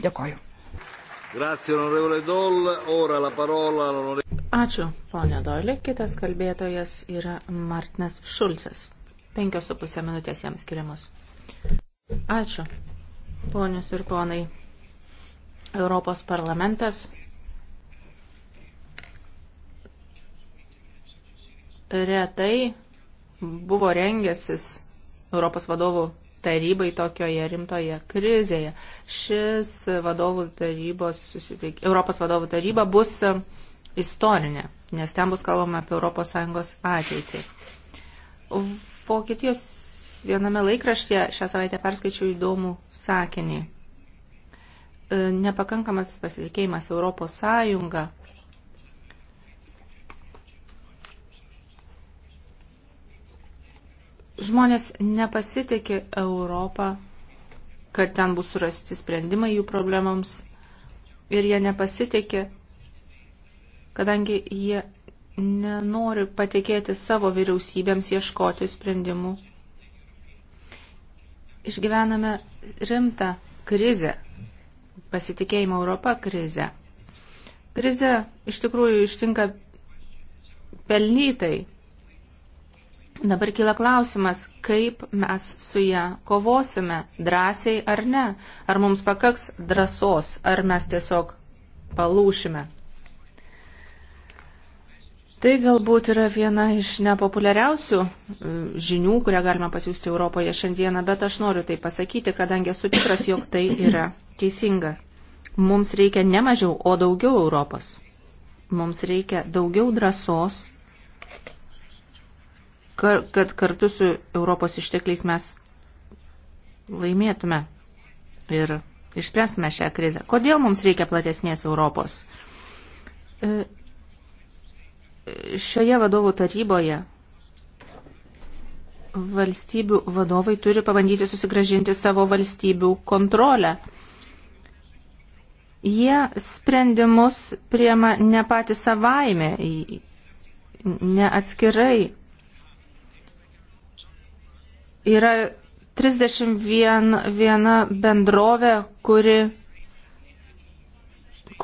Dėkoju. Ačiū, ponė Doilė. Kitas kalbėtojas yra Martinas Šulcas. Penkios su pusė minutės jam skiriamos. Ačiū, ponius ir ponai. Europos parlamentas retai buvo rengęsis Europos vadovų tarybai tokioje rimtoje krizėje. Šis vadovų tarybos susitikimas, Europos vadovų taryba bus e, istorinė, nes ten bus kalbama apie ES ateitį. Vokietijos viename laikraštyje šią savaitę perskaičiau įdomų sakinį. E, nepakankamas pasitikėjimas ES Žmonės nepasitikė Europą, kad ten bus surasti sprendimai jų problemams ir jie nepasitikė, kadangi jie nenori patikėti savo vyriausybėms ieškoti sprendimų. Išgyvename rimtą krizę, pasitikėjimo Europą krizę. Krize iš tikrųjų ištinka pelnytai Dabar kyla klausimas, kaip mes su ją kovosime, drąsiai ar ne, ar mums pakaks drąsos, ar mes tiesiog palūšime. Tai galbūt yra viena iš nepopuliariausių mm, žinių, kurią galima pasiūsti Europoje šiandieną, bet aš noriu tai pasakyti, kadangi esu tikras, jog tai yra teisinga. Mums reikia ne mažiau, o daugiau Europos. Mums reikia daugiau drąsos kad kartu su Europos ištekliais mes laimėtume ir išspręstume šią krizę. Kodėl mums reikia platesnės Europos? E, šioje vadovų taryboje valstybių vadovai turi pabandyti susigražinti savo valstybių kontrolę. Jie sprendimus priema ne patys savaime, ne atskirai yra 31 bendrovė, kuri,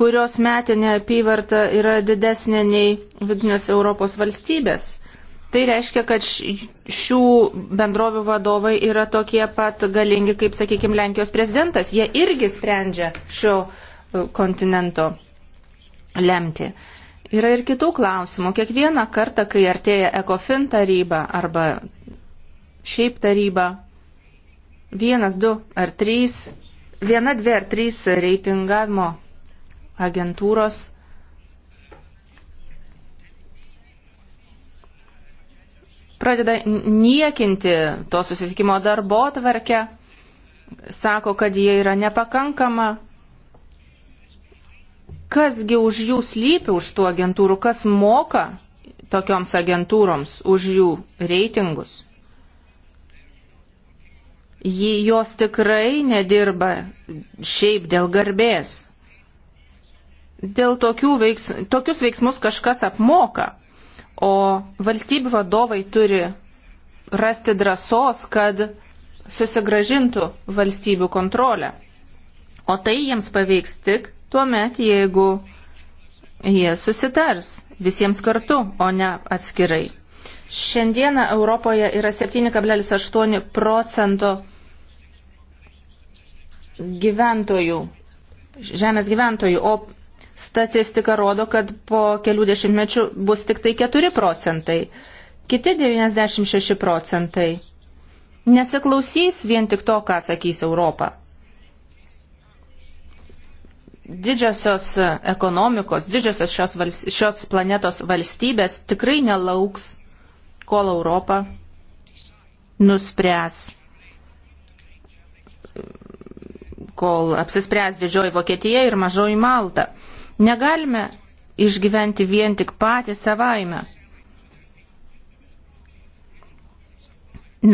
kurios metinė apyvarta yra didesnė nei vidinės Europos valstybės. Tai reiškia, kad šių bendrovių vadovai yra tokie pat galingi, kaip, sakykime, Lenkijos prezidentas. Jie irgi sprendžia šio e, kontinento lemti. Yra ir kitų klausimų. Kiekvieną kartą, kai artėja ECOFIN taryba arba Šiaip taryba vienas, du ar trys, viena, dvi ar trys reitingavimo agentūros pradeda niekinti to susitikimo darbo tvarkę, sako, kad jie yra nepakankama. Kasgi už jų slypi, už tų agentūrų, kas moka tokioms agentūroms, už jų reitingus? jos tikrai nedirba šiaip dėl garbės. Dėl veiks, tokius veiksmus kažkas apmoka, o valstybių vadovai turi rasti drąsos, kad susigražintų valstybių kontrolę. O tai jiems paveiks tik tuo met, jeigu jie susitars visiems kartu, o ne atskirai. Šiandieną Europoje yra 7,8 procento gyventojų, žemės gyventojų, o statistika rodo, kad po kelių dešimtmečių bus tik tai 4 procentai, kiti 96 procentai nesiklausys vien tik to, ką sakys Europa. Didžiosios ekonomikos, didžiosios šios, vals, šios planetos valstybės tikrai nelauks, kol Europa nuspręs kol apsispręs didžioji Vokietija ir mažoji Malta. Negalime išgyventi vien tik patį savaime.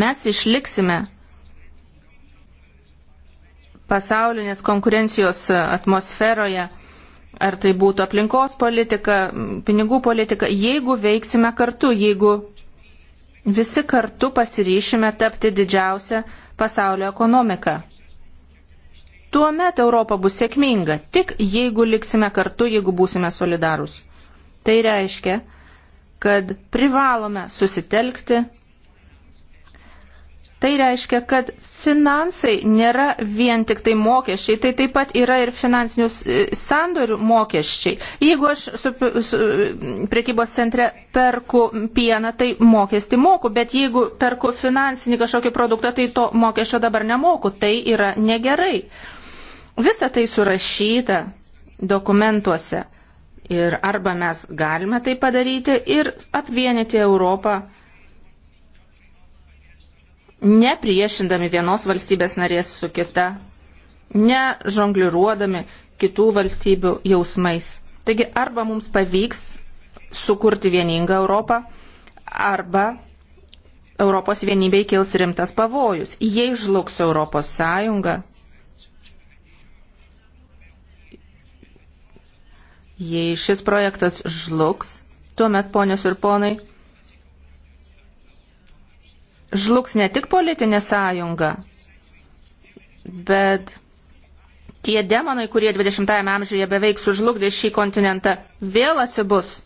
Mes išliksime pasaulinės konkurencijos atmosferoje, ar tai būtų aplinkos politika, pinigų politika, jeigu veiksime kartu, jeigu visi kartu pasiryšime tapti didžiausią pasaulio ekonomiką. Tuo met Europa bus sėkminga, tik jeigu liksime kartu, jeigu būsime solidarūs. Tai reiškia, kad privalome susitelkti. Tai reiškia, kad finansai nėra vien tik tai mokesčiai, tai taip pat yra ir finansinių e, sandorių mokesčiai. Jeigu aš su, su prekybos centre perku pieną, tai mokestį moku, bet jeigu perku finansinį kažkokį produktą, tai to mokesčio dabar nemoku. Tai yra negerai. Uh, Visa tai surašyta dokumentuose. Ir arba mes galime tai padaryti ir apvienyti Europą, nepriešindami vienos valstybės narės su kita, nežongliruodami kitų valstybių jausmais. Taigi arba mums pavyks sukurti vieningą Europą, arba Europos vienybei kils rimtas pavojus. Jei žlugs Europos Sąjunga, Jei šis projektas žlugs, tuomet, ponios ir ponai, žlugs ne tik politinė sąjunga, bet tie demonai, kurie 20-ame amžiuje beveik sužlugdė šį kontinentą, vėl atsibus.